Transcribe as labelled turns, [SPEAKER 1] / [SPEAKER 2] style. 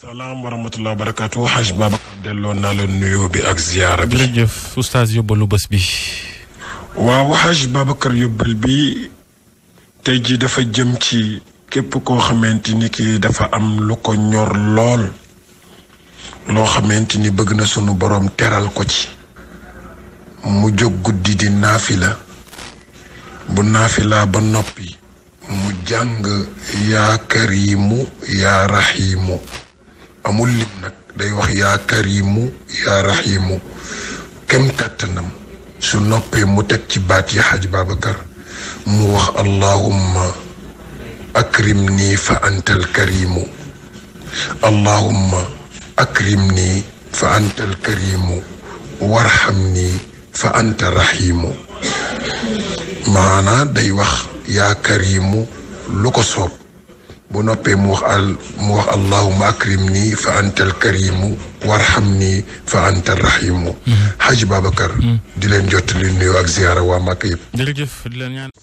[SPEAKER 1] salaam wa rahmatulah barakatu xaj delloo naa la nuyoo bi ak ziyaara bi. jërëjëf oustaz yóbbalu bés bi. waaw xaj Babacar yóbbal bi tey jii dafa jëm ci képp koo xamante ni kii dafa am lu ko ñor lool loo xamante ni bëgg na sunu boroom teral ko ci. mu jóg guddi di naafila bu naafila ba noppi. mu jàng yaa mu yaa raxiimu amul lim nak day wax ya karim ya rahim kem kàttanam su noppé mu tek ci baat yi xaj babacar mu wax allahumma akrimni fa anta karim allahumma akrimni fa anta karim warhamni fa anta rahim maana day wax ya karim luko sopp بنبي موخ موخ اللهم اكرمني فانت الكريم وارحمني فانت الرحيم حاج بابكر دي لين جوت لي نيو اك زياره وا ماكيب